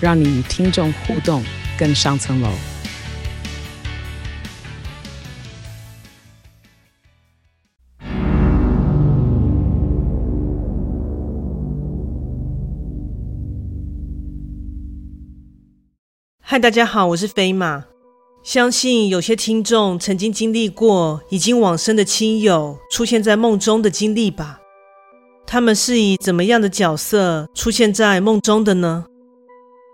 讓你與聽眾互動更上層樓。嗨，大家好，我是飛馬。相信有些聽眾曾經經歷過已經往生的親友出現在夢中的經歷吧？他們是以怎麼樣的角色出現在夢中的呢？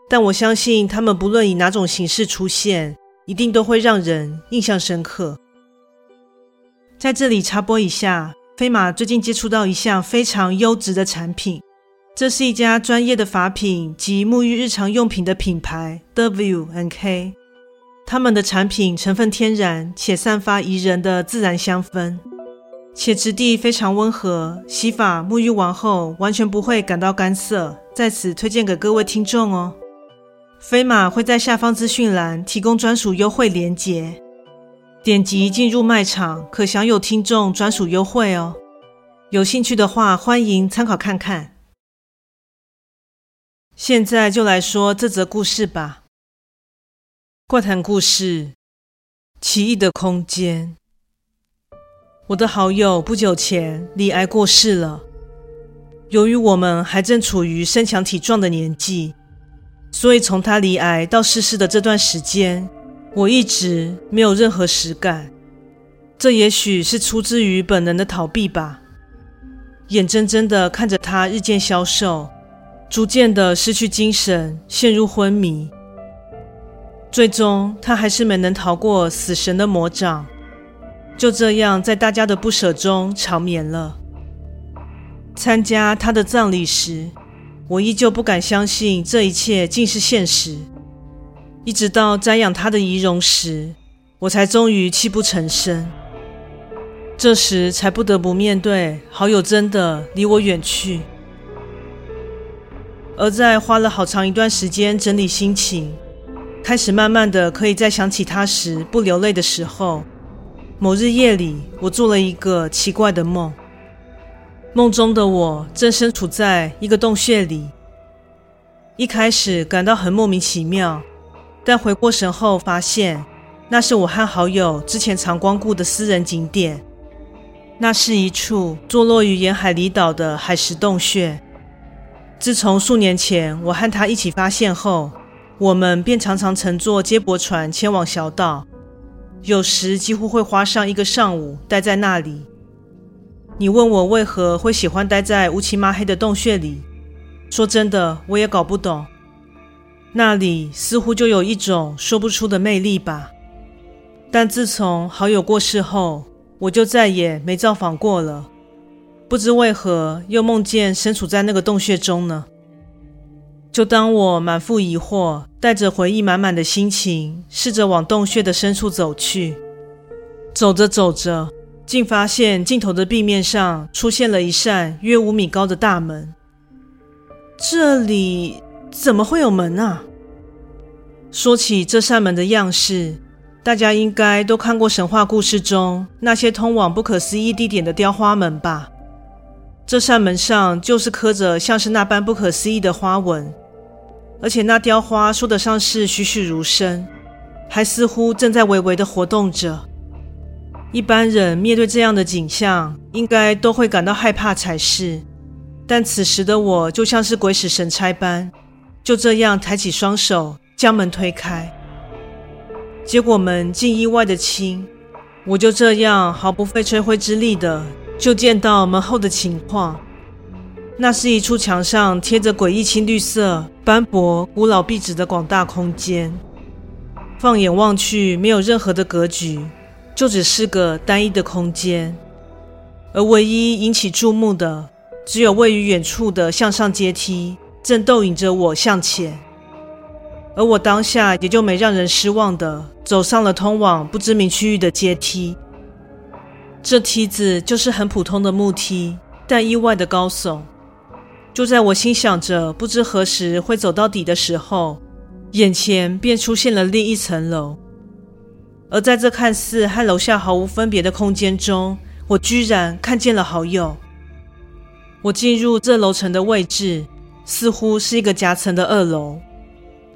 但我相信，他們不論以哪種形式出現，一定都會讓人印象深刻。在這裡插播一下，飛馬最近接觸到一項非常優質的產品，這是一家專業的髮品及沐浴日常用品的品牌 W&K。他們的產品成分天然，且散發宜人的自然香氛，且質地非常溫和，洗髮沐浴完後完全不會感到乾澀。在此推薦給各位聽眾哦。飛馬會在下方資訊欄提供專屬優惠鏈接，點擊進入賣場可享有聽眾專屬優惠哦。有興趣的話，歡迎參考看看。現在就來說這則故事吧。怪談故事：奇異的空間。我的好友不久前罹癌過世了，由於我們還正處於身強體壯的年紀。所以，從他罹癌到逝世的這段時間，我一直沒有任何實感。這也許是出自於本能的逃避吧。眼睜睜的看着他日漸消瘦，逐漸的失去精神，陷入昏迷，最終他還是沒能逃過死神的魔掌。就這樣，在大家的不捨中長眠了。參加他的葬禮時，我依舊不敢相信這一切竟是現實，一直到瞻仰他的遺容時，我才終於泣不成聲。這時才不得不面對好友真的離我遠去。而在花了好長一段時間整理心情，開始慢慢的可以再想起他時不流淚的時候，某日夜裡，我做了一個奇怪的夢。夢中的我正身處在一個洞穴裡，一開始感到很莫名其妙，但回過神後發現，那是我和好友之前常光顧的私人景點。那是一處坐落於沿海離島的海蝕洞穴。自從數年前我和他一起發現後，我們便常常乘坐接駁船前往小島，有時幾乎會花上一個上午待在那裡。你問我為何會喜歡待在烏漆麻黑的洞穴裡？說真的，我也搞不懂。那裡似乎就有一種說不出的魅力吧。但自從好友過世後，我就再也沒造訪過了。不知為何，又夢見身處在那個洞穴中呢？就當我滿腹疑惑，帶着回憶滿滿的心情，試着往洞穴的深處走去。走着走着，竟發現盡頭的壁面上出現了一扇約五米高的大門。這裡怎麼會有門啊？說起這扇門的樣式，大家應該都看過神話故事中那些通往不可思議地點的雕花門吧？這扇門上就是刻着像是那般不可思議的花紋，而且那雕花說得上是栩栩如生，還似乎正在微微的活動着。一般人面對這樣的景象，應該都會感到害怕才是。但此時的我，就像是鬼使神差般，就這樣抬起雙手將門推開。結果門竟意外的輕，我就這樣毫不費吹灰之力的就見到門後的情況。那是一處牆上貼着詭異青綠色斑駁古老壁紙的廣大空間，放眼望去沒有任何的格局。就只是個單一的空間，而唯一引起注目的，只有位於遠處的向上階梯，正逗引着我向前。而我當下也就沒讓人失望的，走上了通往不知名區域的階梯。這梯子就是很普通的木梯，但意外的高聳。就在我心想着不知何時會走到底的時候，眼前便出現了另一層樓。而在這看似和樓下毫無分別的空間中，我居然看見了好友。我進入這樓層的位置，似乎是一個夾層的二樓，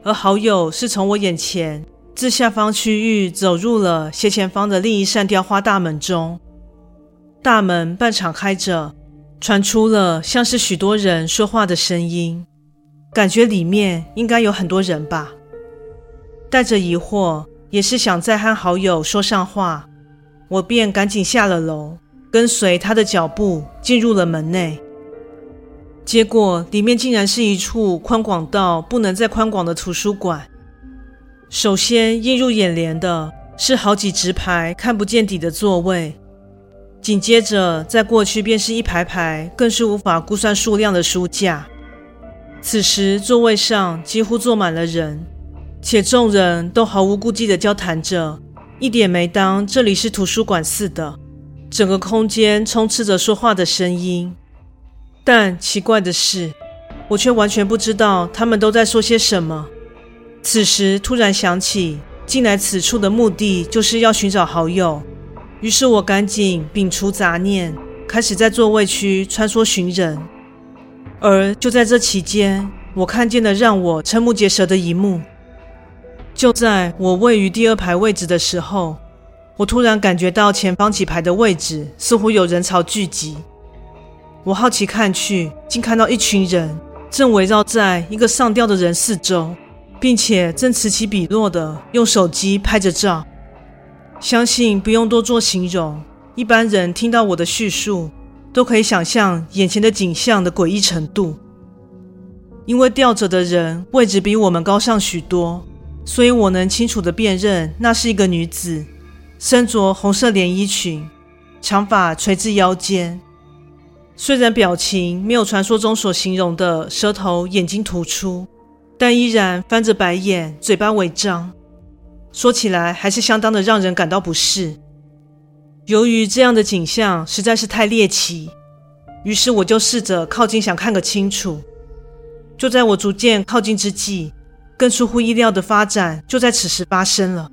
而好友是從我眼前自下方區域走入了斜前方的另一扇雕花大門中。大門半敞開着，傳出了像是許多人說話的聲音，感覺裡面應該有很多人吧。帶着疑惑，也是想再和好友說上話，我便趕緊下了樓，跟隨他的腳步進入了門內。結果裡面竟然是一處寬廣到不能再寬廣的圖書館。首先映入眼簾的是好幾直排看不見底的座位，緊接着再過去便是一排排更是無法估算數量的書架。此時座位上幾乎坐滿了人。且眾人都毫無顧忌地交談着，一點沒當這裡是圖書館似的，整個空間充斥着說話的聲音。但奇怪的是，我卻完全不知道他們都在說些什麼。此時突然想起，進來此處的目的就是要尋找好友，於是我趕緊摒除雜念，開始在座位區穿梭尋人。而就在這期間，我看見了讓我瞠目結舌的一幕。就在我位於第二排位置的時候，我突然感覺到前方幾排的位置似乎有人潮聚集。我好奇看去，竟看到一群人正圍繞在一個上吊的人四周，並且正此起彼落的用手機拍着照。相信不用多做形容，一般人聽到我的敘述都可以想象眼前的景象的詭異程度。因為吊着的人位置比我們高上許多。所以我能清楚地辨認，那是一個女子，身着紅色連衣裙，長髮垂至腰間。雖然表情沒有傳說中所形容的舌頭、眼睛突出，但依然翻着白眼，嘴巴微張，說起來還是相當的讓人感到不適。由於這樣的景象實在是太獵奇，於是我就試着靠近，想看個清楚。就在我逐漸靠近之際，更出乎意料的發展就在此時發生了。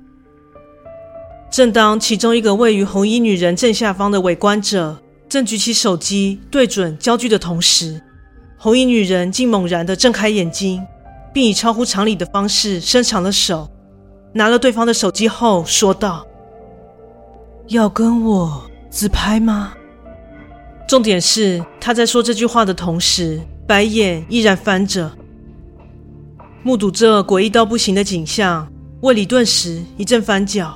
正當其中一個位於紅衣女人正下方的圍觀者正舉起手機對準焦距的同時，紅衣女人竟猛然的睜開眼睛，並以超乎常理的方式伸長了手，拿了對方的手機後說道：“要跟我自拍嗎？”重點是，他在說這句話的同時，白眼依然翻着。目睹這詭異到不行的景象，胃裡頓時一陣翻攪。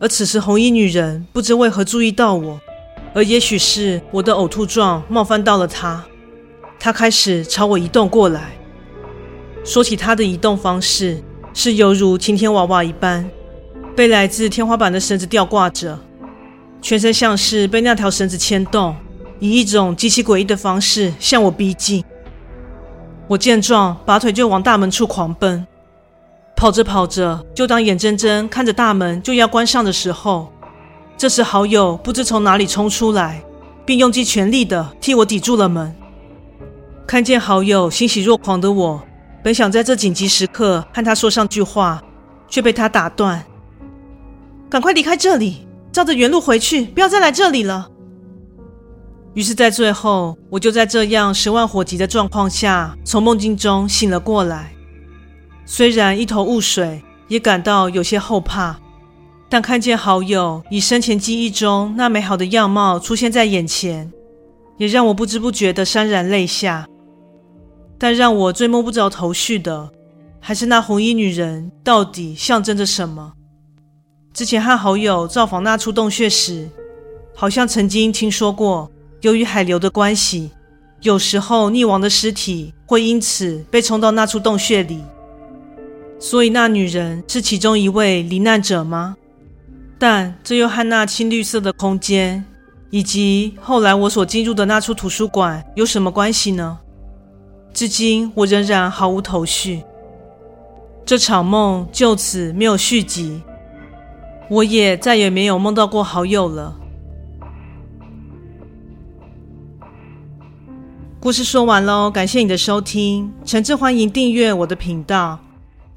而此時，紅衣女人不知為何注意到我，而也許是我的嘔吐狀冒犯到了她，她開始朝我移動過來。說起她的移動方式，是猶如晴天娃娃一般，被來自天花板的繩子吊掛着，全身像是被那條繩子牽動，以一種極其詭異的方式向我逼近。我見狀，拔腿就往大門處狂奔。跑着跑着，就當眼睜睜看着大門就要關上的時候，這時好友不知從哪裡衝出來，並用盡全力的替我抵住了門。看見好友欣喜若狂的我，本想在這緊急時刻和他說上句話，卻被他打斷：“趕快離開這裡，照着原路回去，不要再來這裡了。”於是，在最後，我就在這樣十萬火急的狀況下，從夢境中醒了過來。雖然一頭霧水，也感到有些後怕，但看見好友以生前記憶中那美好的樣貌出現在眼前，也讓我不知不覺的潸然淚下。但讓我最摸不着頭緒的，還是那紅衣女人到底象徵着什麼？之前和好友造訪那處洞穴時，好像曾經聽說過。由於海流的關係，有時候溺亡的屍體會因此被沖到那處洞穴裡。所以那女人是其中一位罹難者嗎？但這又和那青綠色的空間，以及後來我所進入的那處圖書館有什麼關係呢？至今我仍然毫無頭緒。這場夢就此沒有續集，我也再也沒有夢到過好友了。故事說完嘍，感謝你的收聽，誠摯歡迎訂閱我的頻道。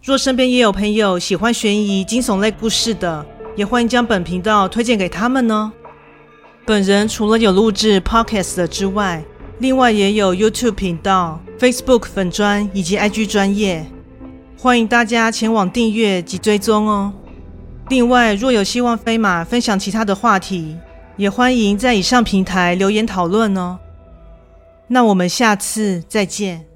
若身邊也有朋友喜歡懸疑驚悚類故事的，也歡迎將本頻道推薦給他們哦。本人除了有錄制 Podcast 的之外，另外也有 YouTube 頻道、Facebook 粉專以及 IG 專頁，歡迎大家前往訂閱及追蹤哦。另外，若有希望飛馬分享其他的話題，也歡迎在以上平台留言討論哦。那我們下次再見。